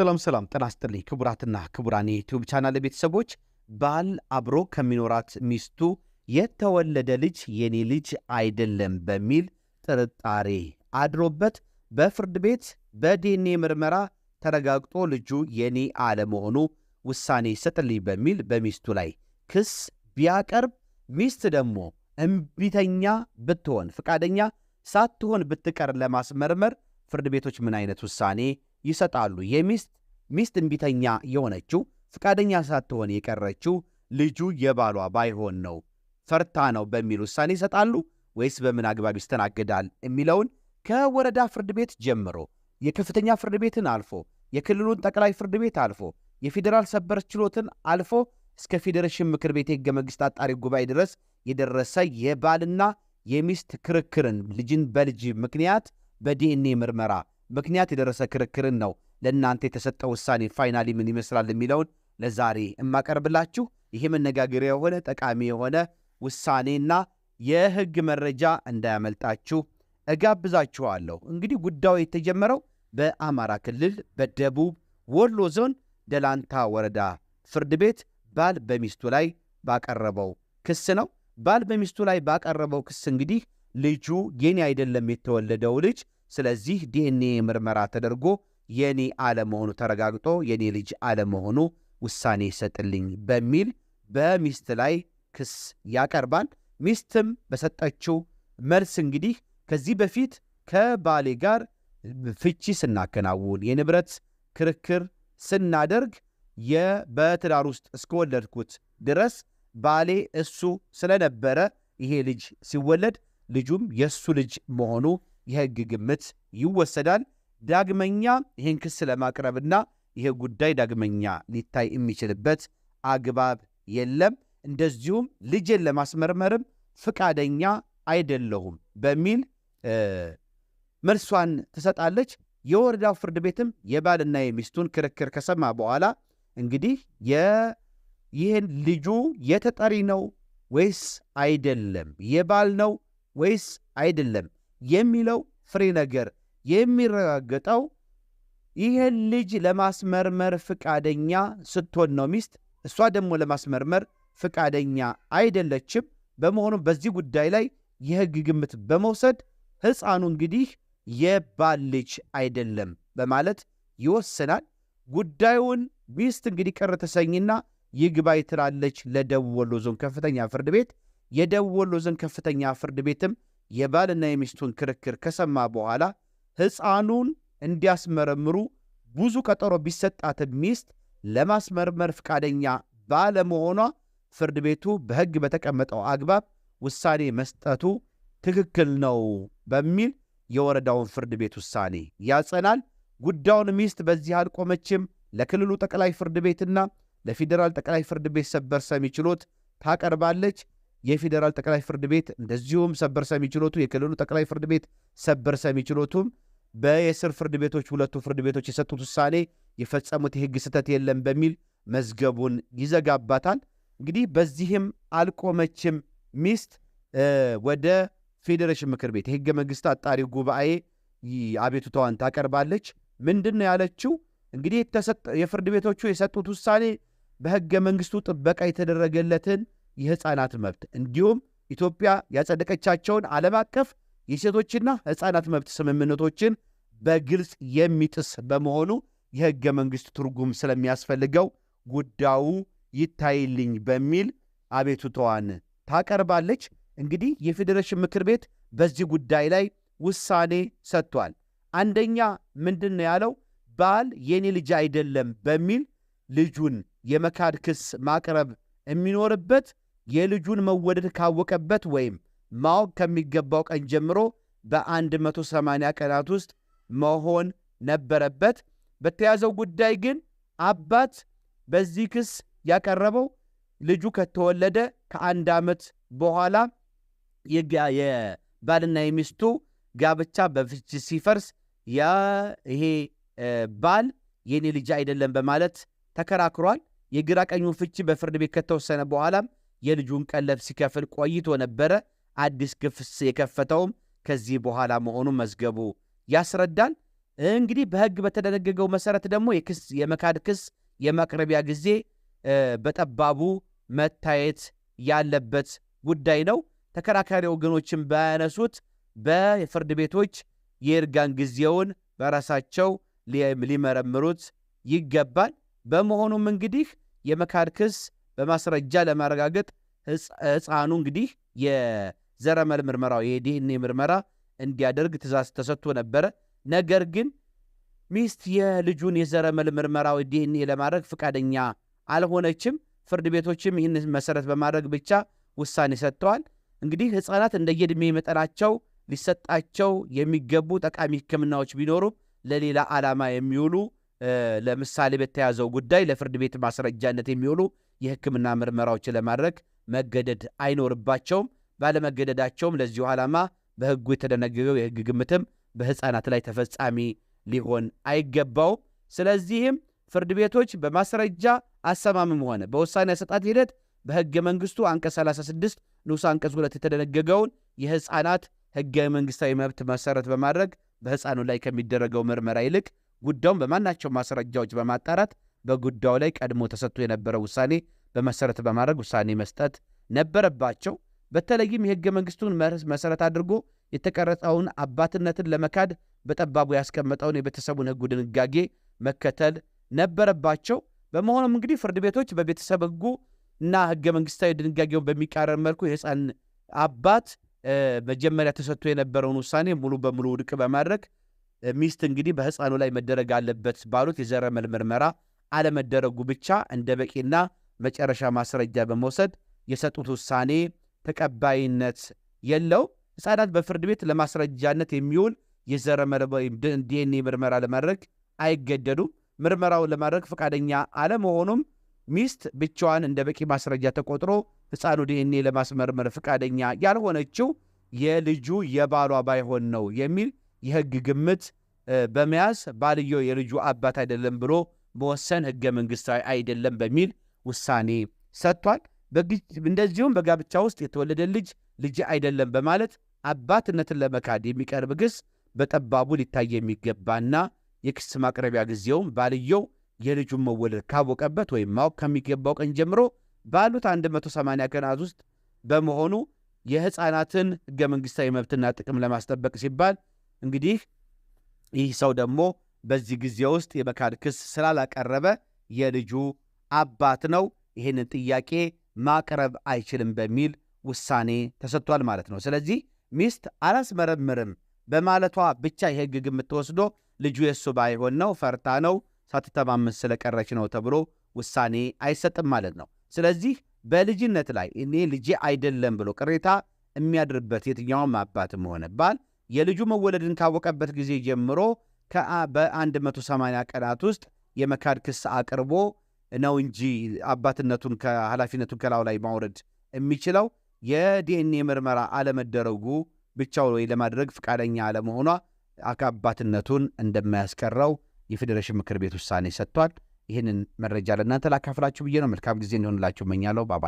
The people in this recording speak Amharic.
ሰላም ሰላም ጤና ይስጥልኝ ክቡራትና ክቡራን የዩቲዩብ ቻናል ቤተሰቦች ባል አብሮ ከሚኖራት ሚስቱ የተወለደ ልጅ የኔ ልጅ አይደለም በሚል ጥርጣሬ አድሮበት በፍርድ ቤት በዲኤንኤ ምርመራ ተረጋግጦ ልጁ የኔ አለመሆኑ ውሳኔ ይሰጥልኝ በሚል በሚስቱ ላይ ክስ ቢያቀርብ ሚስት ደግሞ እምቢተኛ ብትሆን ፈቃደኛ ሳትሆን ብትቀር ለማስመርመር ፍርድ ቤቶች ምን አይነት ውሳኔ ይሰጣሉ። የሚስት ሚስት እምቢተኛ የሆነችው ፈቃደኛ ሳትሆን የቀረችው ልጁ የባሏ ባይሆን ነው ፈርታ ነው በሚል ውሳኔ ይሰጣሉ ወይስ በምን አግባብ ይስተናግዳል የሚለውን ከወረዳ ፍርድ ቤት ጀምሮ የከፍተኛ ፍርድ ቤትን አልፎ የክልሉን ጠቅላይ ፍርድ ቤት አልፎ የፌዴራል ሰበር ችሎትን አልፎ እስከ ፌዴሬሽን ምክር ቤት የሕገ መንግሥት አጣሪ ጉባኤ ድረስ የደረሰ የባልና የሚስት ክርክርን ልጅን በልጅ ምክንያት በዲኤንኤ ምርመራ ምክንያት የደረሰ ክርክርን ነው ለእናንተ የተሰጠ ውሳኔ ፋይናሊ ምን ይመስላል የሚለውን ለዛሬ የማቀርብላችሁ ይሄ መነጋገሪያ የሆነ ጠቃሚ የሆነ ውሳኔና የህግ መረጃ እንዳያመልጣችሁ እጋብዛችኋለሁ። እንግዲህ ጉዳዩ የተጀመረው በአማራ ክልል በደቡብ ወሎ ዞን ደላንታ ወረዳ ፍርድ ቤት ባል በሚስቱ ላይ ባቀረበው ክስ ነው። ባል በሚስቱ ላይ ባቀረበው ክስ እንግዲህ ልጁ የኔ አይደለም የተወለደው ልጅ ስለዚህ ዲኤንኤ ምርመራ ተደርጎ የኔ አለመሆኑ ተረጋግጦ የኔ ልጅ አለመሆኑ ውሳኔ ይሰጥልኝ በሚል በሚስት ላይ ክስ ያቀርባል። ሚስትም በሰጠችው መልስ እንግዲህ ከዚህ በፊት ከባሌ ጋር ፍቺ ስናከናውን የንብረት ክርክር ስናደርግ በትዳር ውስጥ እስከወለድኩት ድረስ ባሌ እሱ ስለነበረ ይሄ ልጅ ሲወለድ ልጁም የእሱ ልጅ መሆኑ የህግ ግምት ይወሰዳል። ዳግመኛ ይህን ክስ ለማቅረብና ይህ ጉዳይ ዳግመኛ ሊታይ የሚችልበት አግባብ የለም። እንደዚሁም ልጅን ለማስመርመርም ፍቃደኛ አይደለሁም በሚል መልሷን ትሰጣለች። የወረዳው ፍርድ ቤትም የባልና የሚስቱን ክርክር ከሰማ በኋላ እንግዲህ ይህን ልጁ የተጠሪ ነው ወይስ አይደለም? የባል ነው ወይስ አይደለም? የሚለው ፍሬ ነገር የሚረጋገጠው ይህን ልጅ ለማስመርመር ፍቃደኛ ስትሆን ነው። ሚስት እሷ ደግሞ ለማስመርመር ፍቃደኛ አይደለችም። በመሆኑም በዚህ ጉዳይ ላይ የሕግ ግምት በመውሰድ ሕፃኑ እንግዲህ የባል ልጅ አይደለም በማለት ይወስናል። ጉዳዩን ሚስት እንግዲህ ቅር ተሰኝና ትላለች ለደቡብ ወሎ ዞን ከፍተኛ ፍርድ ቤት። የደቡብ ወሎ ዞን ከፍተኛ ፍርድ ቤትም የባልና የሚስቱን ክርክር ከሰማ በኋላ ሕፃኑን እንዲያስመረምሩ ብዙ ቀጠሮ ቢሰጣትም ሚስት ለማስመርመር ፈቃደኛ ባለመሆኗ ፍርድ ቤቱ በሕግ በተቀመጠው አግባብ ውሳኔ መስጠቱ ትክክል ነው በሚል የወረዳውን ፍርድ ቤት ውሳኔ ያጸናል። ጉዳዩን ሚስት በዚህ አልቆመችም። ለክልሉ ጠቅላይ ፍርድ ቤትና ለፌዴራል ጠቅላይ ፍርድ ቤት ሰበር ሰሚ ችሎት ታቀርባለች። የፌዴራል ጠቅላይ ፍርድ ቤት እንደዚሁም ሰበር ሰሚ ችሎቱ የክልሉ ጠቅላይ ፍርድ ቤት ሰበር ሰሚ ችሎቱም በየስር ፍርድ ቤቶች ሁለቱ ፍርድ ቤቶች የሰጡት ውሳኔ የፈጸሙት የህግ ስህተት የለም በሚል መዝገቡን ይዘጋባታል። እንግዲህ በዚህም አልቆመችም። ሚስት ወደ ፌዴሬሽን ምክር ቤት የህገ መንግስት አጣሪ ጉባኤ አቤቱታዋን ታቀርባለች። ምንድን ነው ያለችው? እንግዲህ የፍርድ ቤቶቹ የሰጡት ውሳኔ በህገ መንግስቱ ጥበቃ የተደረገለትን የህፃናት መብት እንዲሁም ኢትዮጵያ ያጸደቀቻቸውን ዓለም አቀፍ የሴቶችና ህፃናት መብት ስምምነቶችን በግልጽ የሚጥስ በመሆኑ የሕገ መንግሥት ትርጉም ስለሚያስፈልገው ጉዳዩ ይታይልኝ በሚል አቤቱታዋን ታቀርባለች። እንግዲህ የፌዴሬሽን ምክር ቤት በዚህ ጉዳይ ላይ ውሳኔ ሰጥቷል። አንደኛ ምንድን ነው ያለው? ባል የኔ ልጅ አይደለም በሚል ልጁን የመካድ ክስ ማቅረብ የሚኖርበት የልጁን መወደድ ካወቀበት ወይም ማወቅ ከሚገባው ቀን ጀምሮ በ180 ቀናት ውስጥ መሆን ነበረበት። በተያዘው ጉዳይ ግን አባት በዚህ ክስ ያቀረበው ልጁ ከተወለደ ከአንድ ዓመት በኋላ የባልና የሚስቱ ጋብቻ በፍች ሲፈርስ ይሄ ባል የኔ ልጅ አይደለም በማለት ተከራክሯል። የግራ ቀኙ ፍቺ በፍርድ ቤት ከተወሰነ በኋላም የልጁን ቀለብ ሲከፍል ቆይቶ ነበረ። አዲስ ክፍስ የከፈተውም ከዚህ በኋላ መሆኑ መዝገቡ ያስረዳል። እንግዲህ በሕግ በተደነገገው መሰረት ደግሞ የመካድ ክስ የማቅረቢያ ጊዜ በጠባቡ መታየት ያለበት ጉዳይ ነው። ተከራካሪ ወገኖችን ባያነሱት በፍርድ ቤቶች የይርጋን ጊዜውን በራሳቸው ሊመረምሩት ይገባል። በመሆኑም እንግዲህ የመካድ ክስ በማስረጃ ለማረጋገጥ ህፃኑ እንግዲህ የዘረመል ምርመራው የዲኤንኤ ምርመራ እንዲያደርግ ትእዛዝ ተሰጥቶ ነበረ። ነገር ግን ሚስት የልጁን የዘረመል ምርመራው ዲኤንኤ ለማድረግ ፈቃደኛ አልሆነችም። ፍርድ ቤቶችም ይህን መሰረት በማድረግ ብቻ ውሳኔ ሰጥተዋል። እንግዲህ ህፃናት እንደየዕድሜ መጠናቸው ሊሰጣቸው የሚገቡ ጠቃሚ ህክምናዎች ቢኖሩም ለሌላ ዓላማ የሚውሉ ለምሳሌ በተያዘው ጉዳይ ለፍርድ ቤት ማስረጃነት የሚውሉ የሕክምና ምርመራዎችን ለማድረግ መገደድ አይኖርባቸውም። ባለመገደዳቸውም ለዚሁ ዓላማ በሕጉ የተደነገገው የሕግ ግምትም በሕፃናት ላይ ተፈጻሚ ሊሆን አይገባውም። ስለዚህም ፍርድ ቤቶች በማስረጃ አሰማምም ሆነ በውሳኔ አሰጣጥ ሂደት በሕገ መንግሥቱ አንቀጽ 36 ንዑስ አንቀጽ 2 የተደነገገውን የሕፃናት ሕጋዊ መንግሥታዊ መብት መሰረት በማድረግ በሕፃኑ ላይ ከሚደረገው ምርመራ ይልቅ ጉዳዩን በማናቸው ማስረጃዎች በማጣራት በጉዳዩ ላይ ቀድሞ ተሰጥቶ የነበረው ውሳኔ በመሰረት በማድረግ ውሳኔ መስጠት ነበረባቸው። በተለይም የህገ መንግስቱን መሰረት አድርጎ የተቀረጸውን አባትነትን ለመካድ በጠባቡ ያስቀመጠውን የቤተሰቡን ህጉ ድንጋጌ መከተል ነበረባቸው። በመሆኑም እንግዲህ ፍርድ ቤቶች በቤተሰብ ህጉ እና ህገ መንግስታዊ ድንጋጌውን በሚቃረን መልኩ የህፃን አባት መጀመሪያ ተሰጥቶ የነበረውን ውሳኔ ሙሉ በሙሉ ውድቅ በማድረግ ሚስት እንግዲህ በህፃኑ ላይ መደረግ አለበት ባሉት የዘረመል ምርመራ አለመደረጉ ብቻ እንደ በቂና መጨረሻ ማስረጃ በመውሰድ የሰጡት ውሳኔ ተቀባይነት የለው። ሕፃናት በፍርድ ቤት ለማስረጃነት የሚውል የዘር ዲኤንኤ ምርመራ ለማድረግ አይገደዱም። ምርመራው ለማድረግ ፈቃደኛ አለመሆኑም ሚስት ብቻዋን እንደ በቂ ማስረጃ ተቆጥሮ ሕፃኑ ዲኤንኤ ለማስመርመር ፈቃደኛ ያልሆነችው የልጁ የባሏ ባይሆን ነው የሚል የሕግ ግምት በመያዝ ባልየው የልጁ አባት አይደለም ብሎ መወሰን ህገ መንግስታዊ አይደለም በሚል ውሳኔ ሰጥቷል። እንደዚሁም በጋብቻ ውስጥ የተወለደ ልጅ ልጅ አይደለም በማለት አባትነትን ለመካድ የሚቀርብ ክስ በጠባቡ ሊታይ የሚገባና የክስ ማቅረቢያ ጊዜውም ባልየው የልጁን መወለድ ካወቀበት ወይም ማወቅ ከሚገባው ቀን ጀምሮ ባሉት 180 ቀናት ውስጥ በመሆኑ የህፃናትን ህገ መንግስታዊ መብትና ጥቅም ለማስጠበቅ ሲባል እንግዲህ ይህ ሰው ደግሞ በዚህ ጊዜ ውስጥ የመካድ ክስ ስላላቀረበ የልጁ አባት ነው ይህንን ጥያቄ ማቅረብ አይችልም በሚል ውሳኔ ተሰጥቷል ማለት ነው። ስለዚህ ሚስት አላስመረምርም በማለቷ ብቻ የህግ ግምት ተወስዶ ልጁ የሱ ባይሆን ነው ፈርታ ነው ሳትተማመን ስለቀረች ነው ተብሎ ውሳኔ አይሰጥም ማለት ነው። ስለዚህ በልጅነት ላይ እኔ ልጄ አይደለም ብሎ ቅሬታ የሚያድርበት የትኛውም አባትም ሆነ ባል የልጁ መወለድን ካወቀበት ጊዜ ጀምሮ በ180 ቀናት ውስጥ የመካድ ክስ አቅርቦ ነው እንጂ አባትነቱን ኃላፊነቱን ከላው ላይ ማውረድ የሚችለው የዲኤንኤ ምርመራ አለመደረጉ ብቻው ወይ ለማድረግ ፈቃደኛ አለመሆኗ አባትነቱን እንደማያስቀረው የፌዴሬሽን ምክር ቤት ውሳኔ ሰጥቷል። ይህንን መረጃ ለእናንተ ላካፍላችሁ ብዬ ነው። መልካም ጊዜ እንዲሆንላችሁ መኛለው። ባባይ